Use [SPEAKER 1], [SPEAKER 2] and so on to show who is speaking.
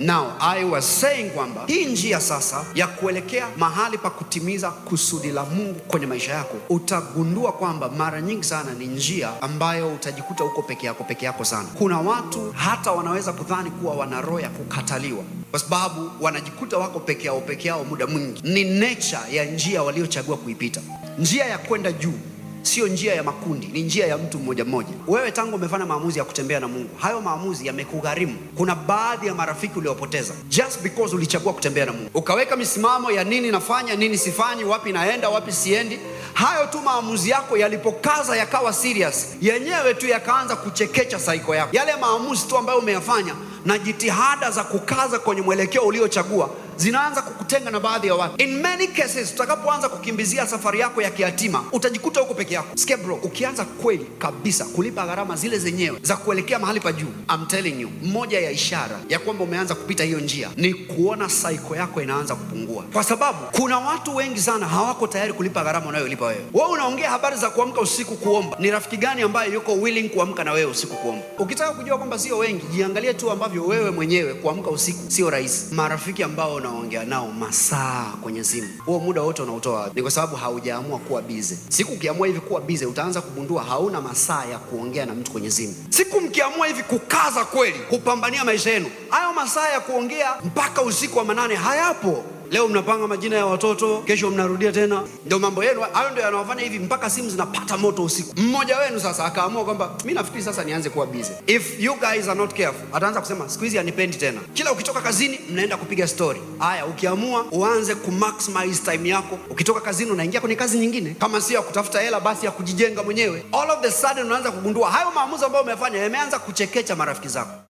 [SPEAKER 1] Now I was saying kwamba hii njia sasa ya kuelekea mahali pa kutimiza kusudi la Mungu kwenye maisha yako, utagundua kwamba mara nyingi sana ni njia ambayo utajikuta uko peke yako peke yako sana. Kuna watu hata wanaweza kudhani kuwa wana roho ya kukataliwa kwa sababu wanajikuta wako peke yao peke yao muda mwingi. Ni nature ya njia waliochagua kuipita, njia ya kwenda juu Sio njia ya makundi, ni njia ya mtu mmoja mmoja. Wewe tangu umefanya maamuzi ya kutembea na Mungu, hayo maamuzi yamekugharimu. Kuna baadhi ya marafiki uliopoteza just because ulichagua kutembea na Mungu, ukaweka misimamo ya nini nafanya, nini sifanyi, wapi naenda, wapi siendi. Hayo tu maamuzi yako yalipokaza yakawa serious, yenyewe tu yakaanza kuchekecha saiko yako. Yale maamuzi tu ambayo umeyafanya na jitihada za kukaza kwenye mwelekeo uliochagua zinaanza kukutenga na baadhi ya watu. In many cases, utakapoanza kukimbizia safari yako ya kihatima utajikuta huko peke yako. Sikia bro, ukianza kweli kabisa kulipa gharama zile zenyewe za kuelekea mahali pa juu, I'm telling you, moja ya ishara ya kwamba umeanza kupita hiyo njia ni kuona saiko yako inaanza kupungua, kwa sababu kuna watu wengi sana hawako tayari kulipa gharama unayolipa wewe. Wewe unaongea habari za kuamka usiku kuomba, ni rafiki gani ambaye yuko willing kuamka na wewe usiku kuomba? Ukitaka kujua kwamba sio wengi, jiangalie tu ambavyo wewe mwenyewe kuamka usiku sio rahisi, marafiki ambao unaongea nao masaa kwenye simu, huo muda wote unautoa ni kwa sababu haujaamua kuwa bize. Siku ukiamua hivi kuwa bize, utaanza kugundua hauna masaa ya kuongea na mtu kwenye simu. Siku mkiamua hivi kukaza kweli kupambania maisha yenu, hayo masaa ya kuongea mpaka usiku wa manane hayapo. Leo mnapanga majina ya watoto, kesho mnarudia tena. Ndio mambo yenu hayo, ndio yanawafanya hivi mpaka simu zinapata moto usiku. Mmoja wenu sasa akaamua kwamba mi nafikiri sasa nianze kuwa busy. If you guys are not careful, ataanza kusema siku hizi anipendi tena. Kila ukitoka kazini mnaenda kupiga story. Haya, ukiamua uanze ku maximize time yako, ukitoka kazini unaingia kwenye kazi nyingine, kama sio ya kutafuta hela, basi ya kujijenga mwenyewe. All of the sudden unaanza kugundua hayo maamuzi ambayo umefanya yameanza kuchekecha marafiki zako.